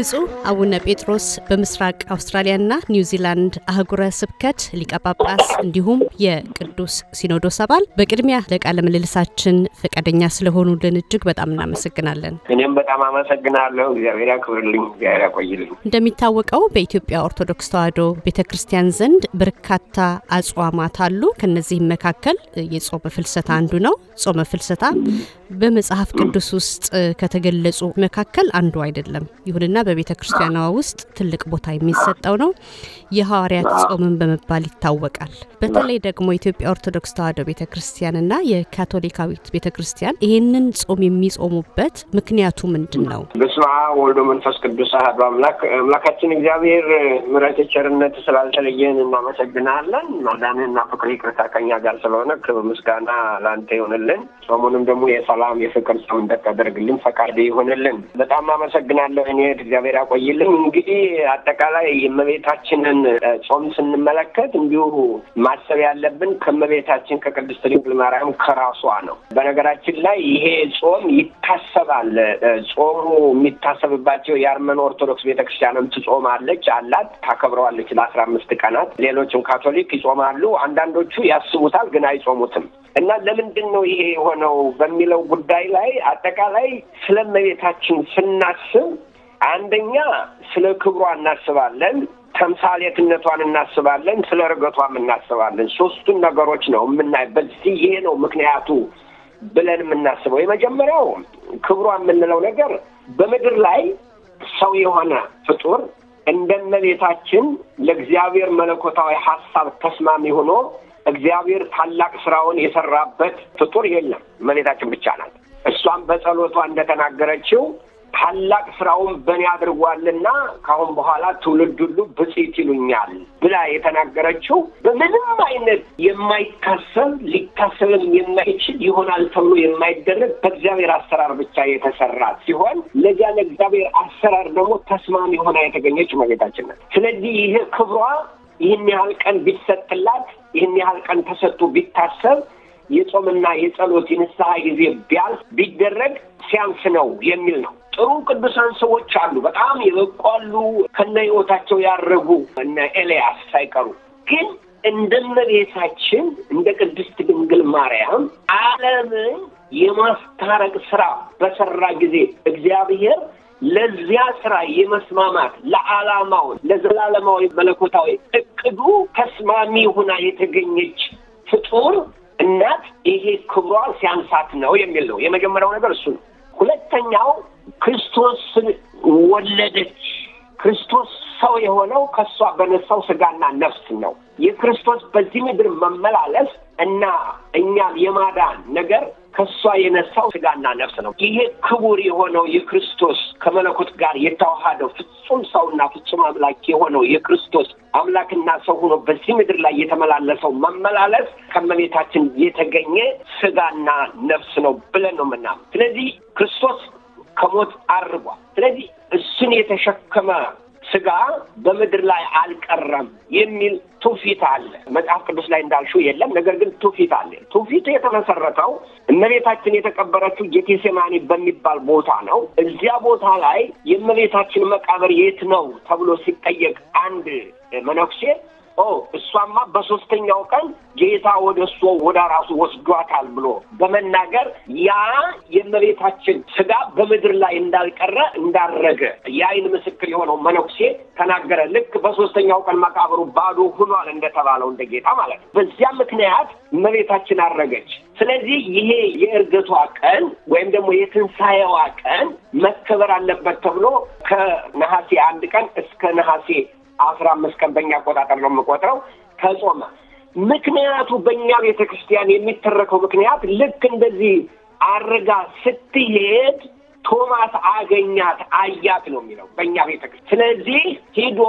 ብፁዕ አቡነ ጴጥሮስ በምስራቅ አውስትራሊያና ኒውዚላንድ አህጉረ ስብከት ሊቀጳጳስ ጳጳስ እንዲሁም የቅዱስ ሲኖዶስ አባል፣ በቅድሚያ ለቃለ ምልልሳችን ፈቃደኛ ስለሆኑልን እጅግ በጣም እናመሰግናለን። እኔም በጣም አመሰግናለሁ። እግዚአብሔር ያክብርልኝ፣ እግዚአብሔር ያቆይልኝ። እንደሚታወቀው በኢትዮጵያ ኦርቶዶክስ ተዋሕዶ ቤተ ክርስቲያን ዘንድ በርካታ አጽዋማት አሉ። ከነዚህም መካከል የጾመ ፍልሰታ አንዱ ነው። ጾመ ፍልሰታ በመጽሐፍ ቅዱስ ውስጥ ከተገለጹ መካከል አንዱ አይደለም። ይሁንና በቤተ ክርስቲያኗ ውስጥ ትልቅ ቦታ የሚሰጠው ነው። የሐዋርያት ጾምን በመባል ይታወቃል። በተለይ ደግሞ የኢትዮጵያ ኦርቶዶክስ ተዋሕዶ ቤተ ክርስቲያንና የካቶሊካዊት ቤተ ክርስቲያን ይህንን ጾም የሚጾሙበት ምክንያቱ ምንድን ነው? በስመ አብ ወልዶ መንፈስ ቅዱስ አሐዱ አምላክ። አምላካችን እግዚአብሔር ምሕረት ቸርነት ስላልተለየን እናመሰግናለን። ማዳንህና ፍቅር ይቅርታ ከኛ ጋር ስለሆነ ክብር ምስጋና ለአንተ ይሆንልን። ጾሙንም ደግሞ የሰላም የፍቅር ሰው እንደታደርግልን ፈቃድ ይሆንልን። በጣም አመሰግናለሁ። እኔ እግዚአብሔር ያቆይልን። እንግዲህ አጠቃላይ የእመቤታችንን ጾም ስንመለከት እንዲሁ ማሰብ ያለብን ከእመቤታችን ከቅድስት ድንግል ማርያም ከራሷ ነው። በነገራችን ላይ ይሄ ጾም ይታሰባል። ጾሙ የሚታሰብባቸው የአርመን ኦርቶዶክስ ቤተክርስቲያንም ትጾማለች አላት፣ ታከብረዋለች ለአስራ አምስት ቀናት። ሌሎችም ካቶሊክ ይጾማሉ። አንዳንዶቹ ያስቡታል፣ ግን አይጾሙትም እና ለምንድን ነው ይሄ የሆነው በሚለው ጉዳይ ላይ አጠቃላይ ስለ እመቤታችን ስናስብ አንደኛ ስለ ክብሯ እናስባለን፣ ተምሳሌትነቷን እናስባለን፣ ስለ እርገቷም እናስባለን። ሶስቱን ነገሮች ነው የምናይ። በዚህ ይሄ ነው ምክንያቱ ብለን የምናስበው የመጀመሪያው ክብሯ የምንለው ነገር በምድር ላይ ሰው የሆነ ፍጡር እንደ እመቤታችን ለእግዚአብሔር መለኮታዊ ሀሳብ ተስማሚ ሆኖ እግዚአብሔር ታላቅ ስራውን የሰራበት ፍጡር የለም፣ እመቤታችን ብቻ ናት። እሷም በጸሎቷ እንደተናገረችው ታላቅ ስራውን በእኔ አድርጓልና ከአሁን በኋላ ትውልድ ሁሉ ብጽት ይሉኛል ብላ የተናገረችው በምንም አይነት የማይታሰብ ሊታሰብም የማይችል ይሆናል ተብሎ የማይደረግ በእግዚአብሔር አሰራር ብቻ የተሰራ ሲሆን ለዚያ ለእግዚአብሔር አሰራር ደግሞ ተስማሚ ሆና የተገኘች እመቤታችን ናት። ስለዚህ ይህ ክብሯ ይህን ያህል ቀን ቢሰጥላት ይህን ያህል ቀን ተሰጥቶ ቢታሰብ የጾምና የጸሎት የንስሐ ጊዜ ቢያልፍ ቢደረግ ሲያንስ ነው የሚል ነው። ጥሩ ቅዱሳን ሰዎች አሉ፣ በጣም የበቋሉ ከነ ህይወታቸው ያረጉ እነ ኤልያስ ሳይቀሩ ግን እንደ እመቤታችን እንደ ቅድስት ድንግል ማርያም ዓለምን የማስታረቅ ስራ በሰራ ጊዜ እግዚአብሔር ለዚያ ስራ የመስማማት ለዓላማው ለዘላለማዊ መለኮታዊ እቅዱ ተስማሚ ሆና የተገኘች ፍጡር እናት ይሄ ክብሯ ሲያንሳት ነው የሚል ነው። የመጀመሪያው ነገር እሱ ነው። ሁለተኛው ክርስቶስን ወለደች። ክርስቶስ ሰው የሆነው ከእሷ በነሳው ስጋና ነፍስ ነው። የክርስቶስ በዚህ ምድር መመላለስ እና እኛም የማዳን ነገር ከእሷ የነሳው ስጋና ነፍስ ነው። ይሄ ክቡር የሆነው የክርስቶስ ከመለኮት ጋር የተዋሃደው ፍጹም ሰውና ፍጹም አምላክ የሆነው የክርስቶስ አምላክና ሰው ሆኖ በዚህ ምድር ላይ የተመላለሰው መመላለስ ከመቤታችን የተገኘ ስጋና ነፍስ ነው ብለን ነው የምናምን። ስለዚህ ክርስቶስ ከሞት አርቧል። ስለዚህ እሱን የተሸከመ ስጋ በምድር ላይ አልቀረም የሚል ትውፊት አለ። መጽሐፍ ቅዱስ ላይ እንዳልሽው የለም፣ ነገር ግን ትውፊት አለ። ትውፊቱ የተመሰረተው እመቤታችን የተቀበረችው ጌቴሴማኒ በሚባል ቦታ ነው። እዚያ ቦታ ላይ የእመቤታችን መቃብር የት ነው ተብሎ ሲጠየቅ አንድ መነኩሴ እሷማ በሶስተኛው ቀን ጌታ ወደ እሷ ወደ ራሱ ወስዷታል ብሎ በመናገር ያ የእመቤታችን ስጋ በምድር ላይ እንዳልቀረ እንዳረገ የአይን ምስክር የሆነው መነኩሴ ተናገረ። ልክ በሶስተኛው ቀን መቃብሩ ባዶ ሁኗል እንደተባለው እንደ ጌታ ማለት ነው። በዚያ ምክንያት እመቤታችን አረገች። ስለዚህ ይሄ የእርገቷ ቀን ወይም ደግሞ የትንሣኤዋ ቀን መከበር አለበት ተብሎ ከነሐሴ አንድ ቀን እስከ ነሐሴ አስራ አምስት ቀን በእኛ አቆጣጠር ነው የምቆጥረው ተጾመ። ምክንያቱ በእኛ ቤተ ክርስቲያን የሚተረከው ምክንያት ልክ እንደዚህ አርጋ ስትሄድ ቶማስ አገኛት አያት ነው የሚለው በእኛ ቤተ ክርስቲያን። ስለዚህ ሂዶ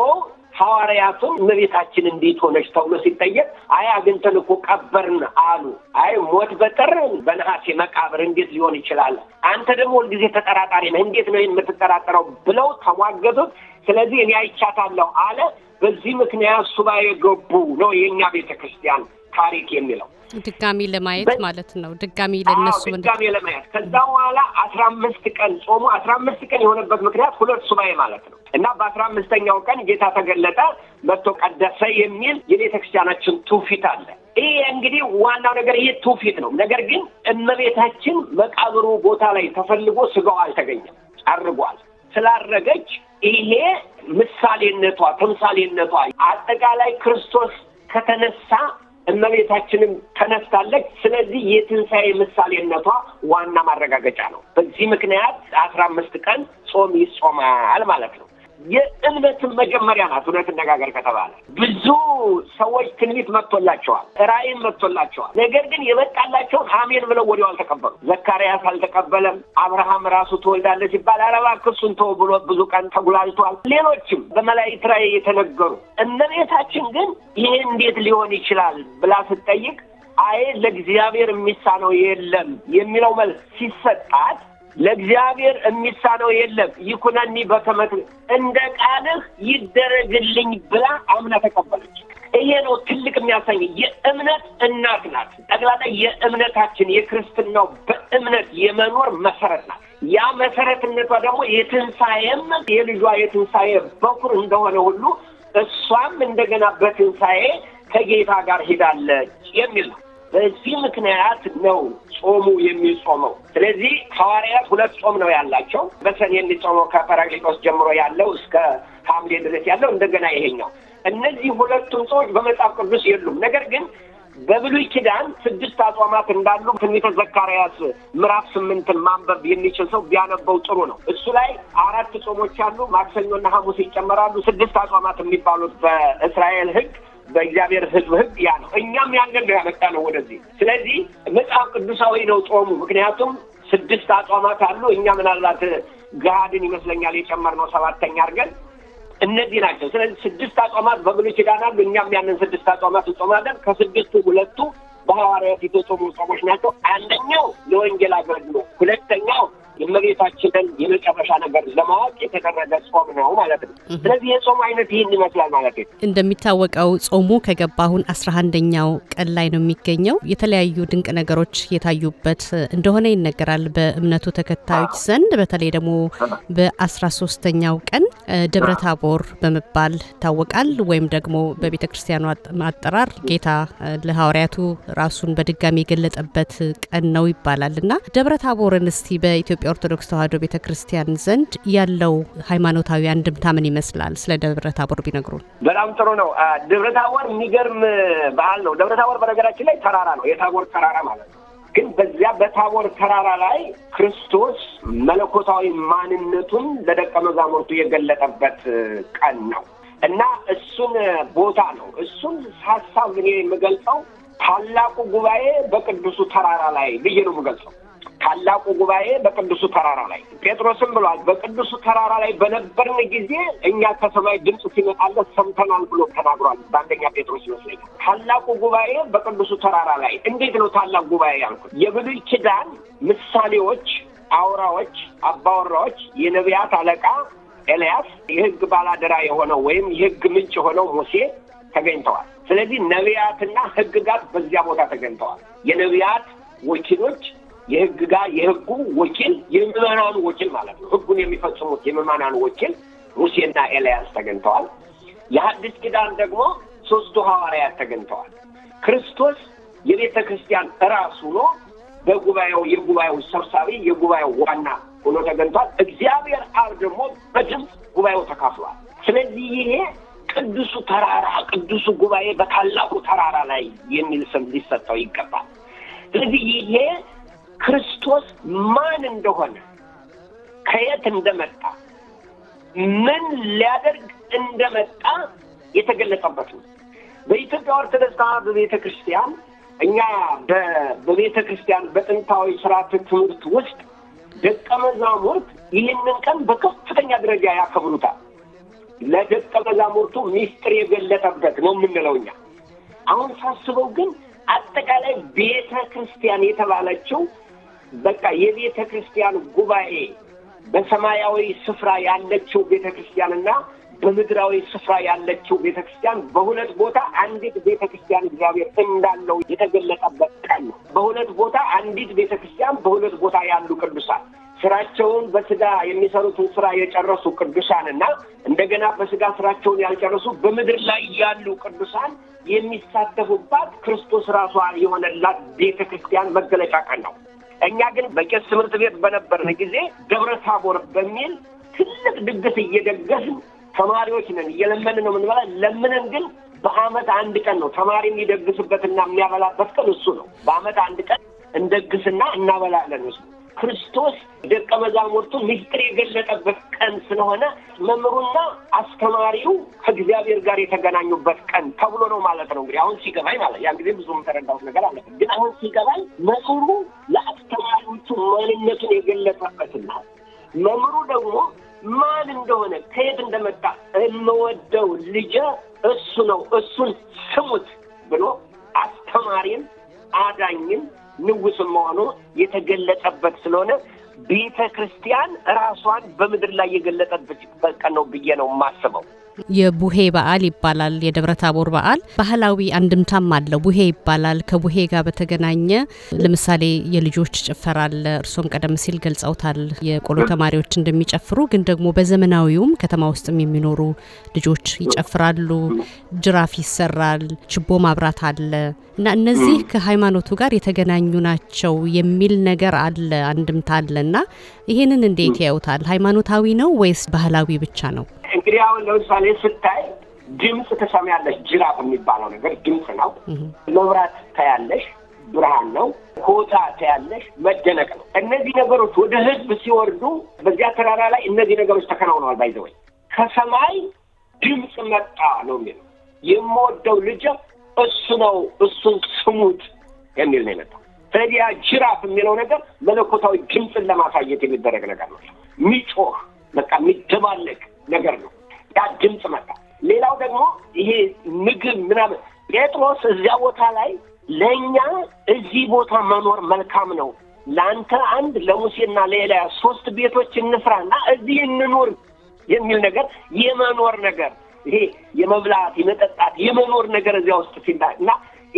ሐዋርያቱም እመቤታችን እንዴት ሆነች ተብሎ ሲጠየቅ አይ አግኝተን እኮ ቀበርን አሉ። አይ ሞት በጥር በነሐሴ መቃብር እንዴት ሊሆን ይችላል? አንተ ደግሞ ሁልጊዜ ተጠራጣሪ ነህ፣ እንዴት ነው የምትጠራጠረው? ብለው ተሟገቱት። ስለዚህ እኔ አይቻታለሁ አለ። በዚህ ምክንያት ሱባኤ ገቡ ነው የእኛ ቤተ ክርስቲያን ታሪክ የሚለው ድጋሚ ለማየት ማለት ነው። ድጋሚ ለነሱ ድጋሚ ለማየት ከዛ በኋላ አስራ አምስት ቀን ጾሙ አስራ አምስት ቀን የሆነበት ምክንያት ሁለት ሱባኤ ማለት ነው እና በአስራ አምስተኛው ቀን ጌታ ተገለጠ መጥቶ ቀደሰ የሚል የቤተ ክርስቲያናችን ትውፊት አለ። ይህ እንግዲህ ዋናው ነገር ይህ ትውፊት ነው። ነገር ግን እመቤታችን መቃብሩ ቦታ ላይ ተፈልጎ ስጋው አልተገኘም፣ አርጓል። ስላረገች ይሄ ምሳሌነቷ ተምሳሌነቷ አጠቃላይ ክርስቶስ ከተነሳ እመቤታችንም ተነስታለች። ስለዚህ የትንሣኤ ምሳሌነቷ ዋና ማረጋገጫ ነው። በዚህ ምክንያት አስራ አምስት ቀን ጾም ይጾማል ማለት ነው። የእምነትን መጀመሪያ ናት። እውነት እነጋገር ከተባለ ብዙ ሰዎች ትንቢት መጥቶላቸዋል፣ ራእይም መጥቶላቸዋል። ነገር ግን የመጣላቸውን አሜን ብለው ወዲው አልተቀበሉ። ዘካርያስ አልተቀበለም። አብርሃም ራሱ ትወልዳለ ሲባል አረባ ክሱን ተው ብሎ ብዙ ቀን ተጉላልቷል። ሌሎችም በመላእክት ራእይ የተነገሩ። እመቤታችን ግን ይሄ እንዴት ሊሆን ይችላል ብላ ስትጠይቅ አይ ለእግዚአብሔር የሚሳነው የለም የሚለው መልስ ሲሰጣት ለእግዚአብሔር የሚሳነው የለም። ይኩነኒ በከመት እንደ ቃልህ ይደረግልኝ ብላ አምና ተቀበለች። ይሄ ነው ትልቅ የሚያሳይ የእምነት እናት ናት። ጠቅላላ የእምነታችን የክርስትናው በእምነት የመኖር መሰረት ናት። ያ መሰረትነቷ ደግሞ የትንሣኤም የልጇ የትንሣኤ በኩር እንደሆነ ሁሉ እሷም እንደገና በትንሣኤ ከጌታ ጋር ሂዳለች የሚል ነው። በዚህ ምክንያት ነው ጾሙ የሚጾመው። ስለዚህ ሐዋርያት ሁለት ጾም ነው ያላቸው። በሰኔ የሚጾመው ከጰራቅሊጦስ ጀምሮ ያለው እስከ ሐምሌ ድረስ ያለው እንደገና ይሄኛው። እነዚህ ሁለቱም ሰዎች በመጽሐፍ ቅዱስ የሉም። ነገር ግን በብሉይ ኪዳን ስድስት አጽዋማት እንዳሉ ትንቢተ ዘካርያስ ምዕራፍ ስምንትን ማንበብ የሚችል ሰው ቢያነበው ጥሩ ነው። እሱ ላይ አራት ጾሞች አሉ። ማክሰኞና ሐሙስ ይጨመራሉ። ስድስት አጽዋማት የሚባሉት በእስራኤል ሕግ በእግዚአብሔር ሕዝብ ሕግ ያ ነው። እኛም ያንን ነው ያመጣ ነው ወደዚህ። ስለዚህ መጽሐፍ ቅዱሳዊ ነው ጾሙ። ምክንያቱም ስድስት አጽዋማት አሉ። እኛ ምናልባት ገሃድን ይመስለኛል የጨመርነው ሰባተኛ አድርገን እነዚህ ናቸው። ስለዚህ ስድስት አጽዋማት በብሉይ ኪዳን አሉ። እኛም ያንን ስድስት አጽዋማት እንጾማለን። ከስድስቱ ሁለቱ በሐዋርያት የተጾሙ ጾሞች ናቸው። አንደኛው የወንጌል አገልግሎት፣ ሁለተኛው የእመቤታችንን የመጨረሻ ነገር ለማወቅ የተደረገ ጾም ነው ማለት ነው። ስለዚህ የጾም አይነት ይህን ይመስላል ማለት ነው። እንደሚታወቀው ጾሙ ከገባ አሁን አስራ አንደኛው ቀን ላይ ነው የሚገኘው። የተለያዩ ድንቅ ነገሮች የታዩበት እንደሆነ ይነገራል በእምነቱ ተከታዮች ዘንድ። በተለይ ደግሞ በአስራ ሶስተኛው ቀን ደብረ ታቦር በመባል ይታወቃል። ወይም ደግሞ በቤተ ክርስቲያኑ አጠራር ጌታ ለሐዋርያቱ ራሱን በድጋሚ የገለጠበት ቀን ነው ይባላል እና ደብረ ታቦርን እስቲ በኢትዮጵያ ኦርቶዶክስ ተዋሕዶ ቤተ ክርስቲያን ዘንድ ያለው ሃይማኖታዊ አንድምታ ምን ይመስላል? ስለ ደብረ ታቦር ቢነግሩን። በጣም ጥሩ ነው። ደብረ ታቦር የሚገርም በዓል ነው። ደብረ ታቦር በነገራችን ላይ ተራራ ነው፣ የታቦር ተራራ ማለት ነው። ግን በዚያ በታቦር ተራራ ላይ ክርስቶስ መለኮታዊ ማንነቱን ለደቀ መዛሙርቱ የገለጠበት ቀን ነው እና እሱን ቦታ ነው እሱን ሀሳብ እኔ የምገልጸው ታላቁ ጉባኤ በቅዱሱ ተራራ ላይ ብዬ ነው የምገልጸው። ታላቁ ጉባኤ በቅዱሱ ተራራ ላይ ጴጥሮስም ብሏል። በቅዱሱ ተራራ ላይ በነበርን ጊዜ እኛ ከሰማይ ድምፅ ሲመጣለ ሰምተናል ብሎ ተናግሯል። በአንደኛ ጴጥሮስ ይመስለኛል። ታላቁ ጉባኤ በቅዱሱ ተራራ ላይ እንዴት ነው ታላቅ ጉባኤ ያልኩት? የብሉይ ኪዳን ምሳሌዎች፣ አውራዎች፣ አባወራዎች፣ የነቢያት አለቃ ኤልያስ፣ የህግ ባላደራ የሆነው ወይም የህግ ምንጭ የሆነው ሙሴ ተገኝተዋል። ስለዚህ ነቢያትና ህግጋት በዚያ ቦታ ተገኝተዋል። የነቢያት ወኪሎች የህግ ጋር የህጉ ወኪል የምዕመናኑ ወኪል ማለት ነው። ህጉን የሚፈጽሙት የምዕመናኑ ወኪል ሙሴና ኤልያስ ተገኝተዋል። የሐዲስ ኪዳን ደግሞ ሶስቱ ሐዋርያት ተገኝተዋል። ክርስቶስ የቤተ ክርስቲያን ራስ ሆኖ በጉባኤው የጉባኤው ሰብሳቢ የጉባኤው ዋና ሆኖ ተገኝቷል። እግዚአብሔር አብ ደግሞ በድምፅ ጉባኤው ተካፍሏል። ስለዚህ ይሄ ቅዱሱ ተራራ ቅዱሱ ጉባኤ በታላቁ ተራራ ላይ የሚል ስም ሊሰጠው ይገባል። ስለዚህ ይሄ ክርስቶስ ማን እንደሆነ ከየት እንደመጣ ምን ሊያደርግ እንደመጣ የተገለጸበት ነው። በኢትዮጵያ ኦርቶዶክስ ተዋሕዶ ቤተ ክርስቲያን እኛ በቤተ ክርስቲያን በጥንታዊ ስርዓት ትምህርት ውስጥ ደቀ መዛሙርት ይህንን ቀን በከፍተኛ ደረጃ ያከብሩታል። ለደቀ መዛሙርቱ ሚስጥር የገለጠበት ነው የምንለው እኛ። አሁን ሳስበው ግን አጠቃላይ ቤተ ክርስቲያን የተባለችው በቃ የቤተ ክርስቲያን ጉባኤ በሰማያዊ ስፍራ ያለችው ቤተ ክርስቲያንና በምድራዊ ስፍራ ያለችው ቤተ ክርስቲያን በሁለት ቦታ አንዲት ቤተ ክርስቲያን እግዚአብሔር እንዳለው የተገለጠበት ቀን ነው። በሁለት ቦታ አንዲት ቤተ ክርስቲያን፣ በሁለት ቦታ ያሉ ቅዱሳን ስራቸውን በስጋ የሚሰሩትን ስራ የጨረሱ ቅዱሳን እና እንደገና በስጋ ስራቸውን ያልጨረሱ በምድር ላይ ያሉ ቅዱሳን የሚሳተፉባት ክርስቶስ ራሷ የሆነላት ቤተ ክርስቲያን መገለጫ ቀን ነው። እኛ ግን በቄስ ትምህርት ቤት በነበርን ጊዜ ደብረ ታቦር በሚል ትልቅ ድግስ እየደገስን ተማሪዎች ነን እየለመን ነው የምንበላ። ለምነን ግን በአመት አንድ ቀን ነው ተማሪ የሚደግስበትና የሚያበላበት ቀን እሱ ነው። በአመት አንድ ቀን እንደግስና እናበላለን እሱ ክርስቶስ ደቀ መዛሙርቱ ምስጢር የገለጠበት ቀን ስለሆነ መምሩና አስተማሪው ከእግዚአብሔር ጋር የተገናኙበት ቀን ተብሎ ነው ማለት ነው። እንግዲህ አሁን ሲገባኝ ማለት ያን ጊዜ ብዙ የተረዳሁት ነገር አለ፣ ግን አሁን ሲገባኝ መምሩ ለአስተማሪዎቹ ማንነቱን የገለጠበትና መምሩ ደግሞ ማን እንደሆነ ከየት እንደመጣ እንወደው ልጄ እሱ ነው እሱን ስሙት ብሎ አስተማሪን አዳኝም ንጉስም መሆኑ የተገለጠበት ስለሆነ ቤተ ክርስቲያን ራሷን በምድር ላይ የገለጠበት ቀን ነው ብዬ ነው የማስበው። የቡሄ በዓል ይባላል። የደብረ ታቦር በዓል ባህላዊ አንድምታም አለው። ቡሄ ይባላል። ከቡሄ ጋር በተገናኘ ለምሳሌ የልጆች ጭፈራ አለ። እርሶም ቀደም ሲል ገልጸውታል፣ የቆሎ ተማሪዎች እንደሚጨፍሩ ግን ደግሞ በዘመናዊውም ከተማ ውስጥም የሚኖሩ ልጆች ይጨፍራሉ። ጅራፍ ይሰራል፣ ችቦ ማብራት አለ እና እነዚህ ከሃይማኖቱ ጋር የተገናኙ ናቸው የሚል ነገር አለ፣ አንድምታ አለ እና ይህንን እንዴት ያዩታል? ሃይማኖታዊ ነው ወይስ ባህላዊ ብቻ ነው? እንግዲህ አሁን ለምሳሌ ስታይ ድምፅ ትሰሚያለሽ። ጅራፍ የሚባለው ነገር ድምፅ ነው። መብራት ታያለሽ፣ ብርሃን ነው። ሆታ ታያለሽ፣ መደነቅ ነው። እነዚህ ነገሮች ወደ ህዝብ ሲወርዱ በዚያ ተራራ ላይ እነዚህ ነገሮች ተከናውነዋል። ባይዘወይ ከሰማይ ድምፅ መጣ ነው የሚለው የምወደው ልጅ እሱ ነው፣ እሱን ስሙት የሚል ነው የመጣው። ስለዚህ ያ ጅራፍ የሚለው ነገር መለኮታዊ ድምፅን ለማሳየት የሚደረግ ነገር ነው። የሚጮህ በቃ የሚደባለቅ ነገር ነው። ይሄ ምግብ ምናምን ጴጥሮስ እዚያ ቦታ ላይ ለእኛ እዚህ ቦታ መኖር መልካም ነው፣ ለአንተ አንድ ለሙሴና ለኤልያስ ሶስት ቤቶች እንስራና እዚህ እንኑር የሚል ነገር የመኖር ነገር ይሄ የመብላት የመጠጣት የመኖር ነገር እዚያ ውስጥ ሲላ እና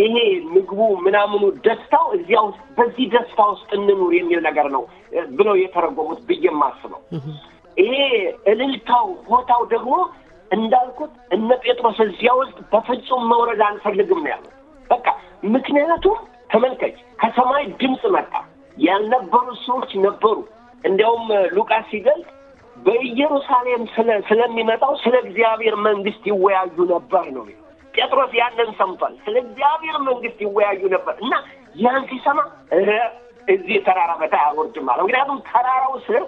ይሄ ምግቡ ምናምኑ ደስታው እዚያ ውስጥ በዚህ ደስታ ውስጥ እንኑር የሚል ነገር ነው ብለው የተረጎሙት ብዬ ማስበው ይሄ እልልታው ቦታው ደግሞ እንዳልኩት እነ ጴጥሮስ እዚያ ውስጥ በፍጹም መውረድ አንፈልግም ነው ያሉት። በቃ ምክንያቱም ተመልከች፣ ከሰማይ ድምፅ መጣ። ያልነበሩ ሰዎች ነበሩ። እንዲያውም ሉቃስ ሲገልጽ በኢየሩሳሌም ስለሚመጣው ስለ እግዚአብሔር መንግስት ይወያዩ ነበር ነው። ጴጥሮስ ያንን ሰምቷል። ስለ እግዚአብሔር መንግስት ይወያዩ ነበር እና ያን ሲሰማ እዚህ ተራራ በታ አልወርድም አለ። ምክንያቱም ተራራው ስር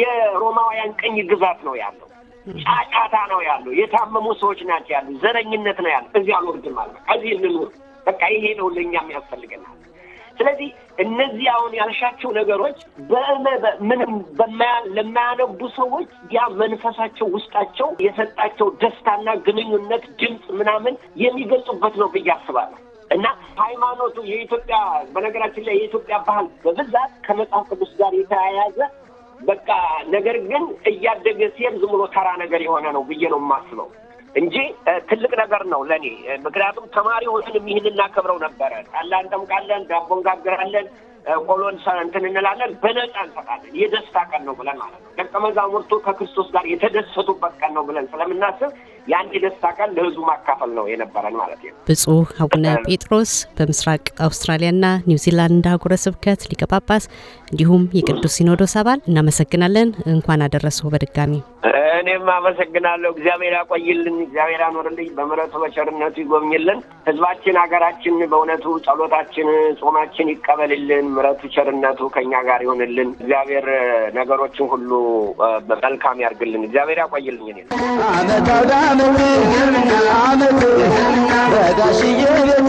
የሮማውያን ቅኝ ግዛት ነው ያለው ጫጫታ ነው ያለው። የታመሙ ሰዎች ናቸው ያሉ። ዘረኝነት ነው ያለው። እዚህ አልወርድም አለ። ከዚህ እንኑር በቃ ይሄ ነው ለእኛም ያስፈልገናል። ስለዚህ እነዚህ አሁን ያልሻቸው ነገሮች ምንም ለማያነቡ ሰዎች ያ መንፈሳቸው ውስጣቸው የሰጣቸው ደስታና ግንኙነት ድምፅ ምናምን የሚገልጹበት ነው ብዬ አስባለሁ። እና ሃይማኖቱ የኢትዮጵያ በነገራችን ላይ የኢትዮጵያ ባህል በብዛት ከመጽሐፍ ቅዱስ ጋር የተያያዘ በቃ ነገር ግን እያደገ ሲሄድ ዝም ብሎ ተራ ነገር የሆነ ነው ብዬ ነው የማስበው እንጂ ትልቅ ነገር ነው ለእኔ። ምክንያቱም ተማሪ ሆነንም ይህን እናከብረው ነበረ። ጠላ እንጠምቃለን፣ ዳቦ እንጋግራለን፣ ቆሎን እንትን እንላለን፣ በነጻ እንሰጣለን። የደስታ ቀን ነው ብለን ማለት ነው። ደቀ መዛሙርቱ ከክርስቶስ ጋር የተደሰቱበት ቀን ነው ብለን ስለምናስብ የአንድ ደስታ ቀን ለህዝቡ ማካፈል ነው የነበረን ማለት ነው። ብፁዕ አቡነ ጴጥሮስ በምስራቅ አውስትራሊያና ኒውዚላንድ አህጉረ ስብከት ሊቀ ጳጳስ እንዲሁም የቅዱስ ሲኖዶስ አባል እናመሰግናለን። እንኳን አደረሰው በድጋሚ እኔም አመሰግናለሁ። እግዚአብሔር ያቆይልን፣ እግዚአብሔር ያኖርልኝ፣ በምሕረቱ በቸርነቱ ይጎብኝልን። ህዝባችን ሀገራችን፣ በእውነቱ ጸሎታችን፣ ጾማችን ይቀበልልን። ምሕረቱ ቸርነቱ ከእኛ ጋር ይሆንልን። እግዚአብሔር ነገሮችን ሁሉ መልካም ያርግልን። እግዚአብሔር ያቆይልኝ። እኔ አመት በዳሽዬ ቤት